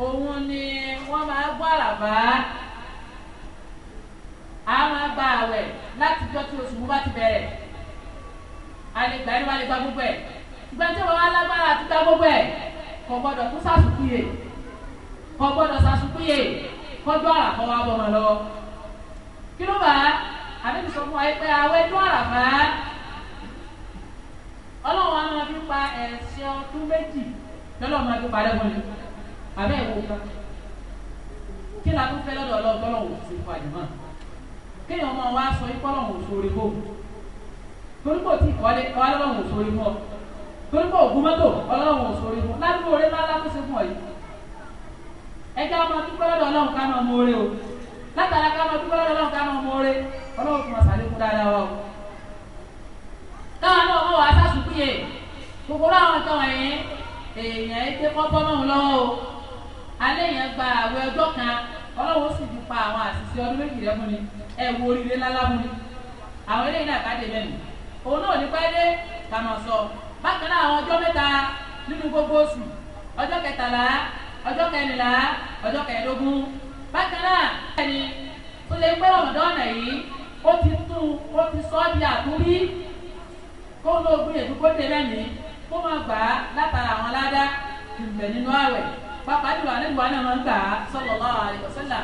òun ni wọ́n máa gbọ́ àràbá a máa gba àwẹ̀ láti jọ́ tí oṣù mú bá ti bẹ̀rẹ̀ a lè gbà ẹni wá lè gba gbogbo ẹ̀ ṣùgbọ́n tí wọ́n wá lágbára àti gba gbogbo ẹ̀ kò gbọ́dọ̀ tún sàṣùkúyè kò gbọ́dọ̀ sàṣùpìyè kọjọ́ àràfọ́ wa bọ̀ wọn lọ. kí ló bá àbẹ́bí sọ fún wa pé àwẹ̀ tó àràfá ọlọ́run á máa fi pa ẹ̀sìn ọdún méjì lọ́lọ́run máa fi parẹ́ wọn lé àbẹ́ ìwò kan kí la tún fẹ́ lọ́dọ̀ ọlọ́run ti fà jù mọ́ kéèyàn máa wá sọ ikú ọlọ́run òṣòro ibò torípò tí ìkọ́lé ọlọ́run òṣòro ibò torípò ògùn mọ́tò ọlọ́run òṣòro ibò ládùúgbò rẹ lálá tó ṣe fún ọ ẹ jẹ́ ọmọ dúpẹ́ lọ́dọ̀ ọlọ́run ká máa mọ̀ọ́rẹ́ o látara ká máa dúpẹ́ lọ́dọ̀ ọlọ́run ká máa mọ̀ọ́rẹ́ ọlọ́run fún ọ̀sán lékún dáadáa wa o. táwọn náà mọ̀ wá sásùkú yẹ gbogbo láwọn ọjọ́ ẹ̀yìn èèyàn ètè kọ́kọ́ náà lọ́wọ́ o alẹ́ yẹn gba àwẹ̀ ọjọ́ kan ọlọ́run sì ti pa àwọn àṣìṣe ọdún méjì rẹ mú ni ẹ wo oríire lálá mú ni àwọn eléyìí náà ká dé lẹ́nu òun náà ní pẹ́ẹ́dé kà máa sọ bákan náà àwọn ọjọ́ mẹ́ta nínú gbogbo oṣù ọjọ́ kẹtàlá ọjọ́ kẹrìnlá ọjọ́ kẹẹ̀ẹ́dógún bákan náà ẹni tó lè pé ọ̀dọ́ọ̀nà yìí ó ti tún ó ti sọ ọ́ di àkúrí kó ló gbìyànjú kó dé lẹ́mìí kó máa gbà á látara àwọn aládá ìgbẹ̀ nínú ààwẹ̀ pápá jùlọ àlejò wa náà máa ń gbà á sallallahu alaihi wasallam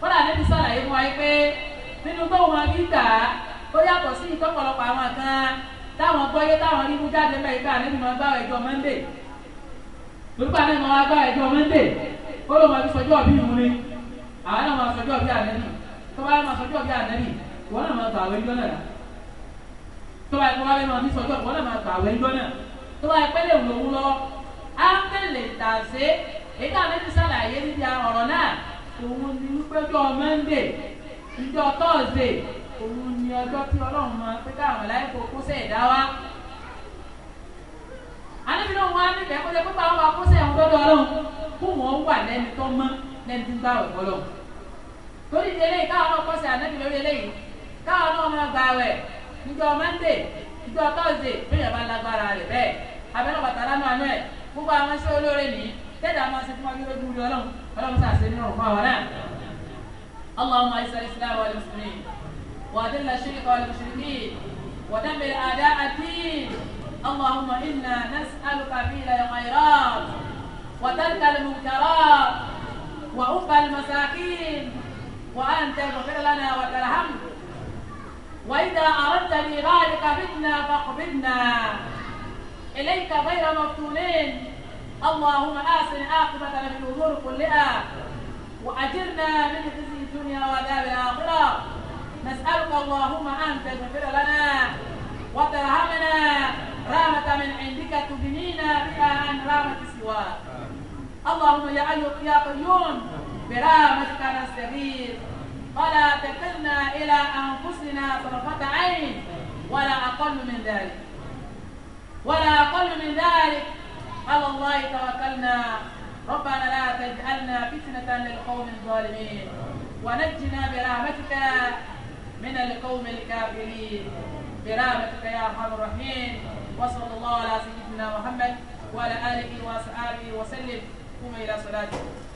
kódà níbi sàlàyé fún wa yìí pé nínú tó wọn bí gbà á ó yàtọ̀ sí ìtọ́pọ̀lọpọ̀ àwọn kan táwọn gbọ́yé táwọn rí mú jáde mẹ́rin lórúkọ àná ìmọ̀ agbára ẹjọ́ mẹ́ndé ó ló máa fi sọjọ́ bí ìmú ni àwọn náà máa sọjọ́ bí ànẹ́bì tó bá máa sọjọ́ bí ànẹ́bì wọn náà máa gbà àwọn ẹjọ́ náà tó bá ẹ̀kọ́ wálé máa ní sọjọ́ wọn náà máa gbà àwọn ẹjọ́ náà tó bá ẹ̀kọ́ lè wù lọ́wọ́ á tẹ̀lé tàṣé èyí tá ànẹ́bì sàlàyé níbi ọ̀rọ̀ náà òun ni wípéjọ́ mẹ́ndé ìjọ tọ́ọ̀sì òun ni ọjọ́ tí ọlọ́run máa pé káwọn láì àníbi náà wọn á níbi ẹ̀kọ́ jẹ́ pípa àwọn akóṣe ẹ̀hún lọ́dọ̀ ọlọ́run kó wọn wà lẹ́ni tó mọ́ lẹ́ni tó ń bá ọ̀pọ̀ lọ. torí ti eléyìí káwọn náà kọ́sẹ̀ àníbi lórí eléyìí káwọn náà máa gba àwẹ̀ níjọ mọ́ndé níjọ tọ́sídẹ̀ bẹ́ẹ̀ bá lágbára rẹ̀ bẹ́ẹ̀ abẹ́rẹ́ bàtà lánàá nù ẹ̀ gbogbo àwọn iṣẹ́ olóore nìyí tẹ́lẹ̀ àwọn aṣọ fún ọjọ́ lójú ọlọ́run ọlọ́run sàṣẹ الدين اللهم إنا نسألك فعل الخيرات وترك المنكرات وعف المساكين وأن تغفر لنا وترحمنا وإذا أردت لغالك فتنا فاقبضنا إليك غير مفتونين اللهم آسن عاقبتنا في الأمور كلها وأجرنا من خزي الدنيا وعذاب الآخرة نسألك اللهم أن تغفر لنا وترحمنا رحمة من عندك تغنينا بها عن رامة سواك اللهم يا أيوب يا قيوم برامتك نستغيث ولا تكلنا إلى أنفسنا طرفة عين ولا أقل من ذلك ولا أقل من ذلك على الله توكلنا ربنا لا تجعلنا فتنة للقوم الظالمين ونجنا برحمتك من القوم الكافرين برحمتك يا أرحم الراحمين وصلى الله على سيدنا محمد وعلى آله وأصحابه وسلم قم إلى صلاتكم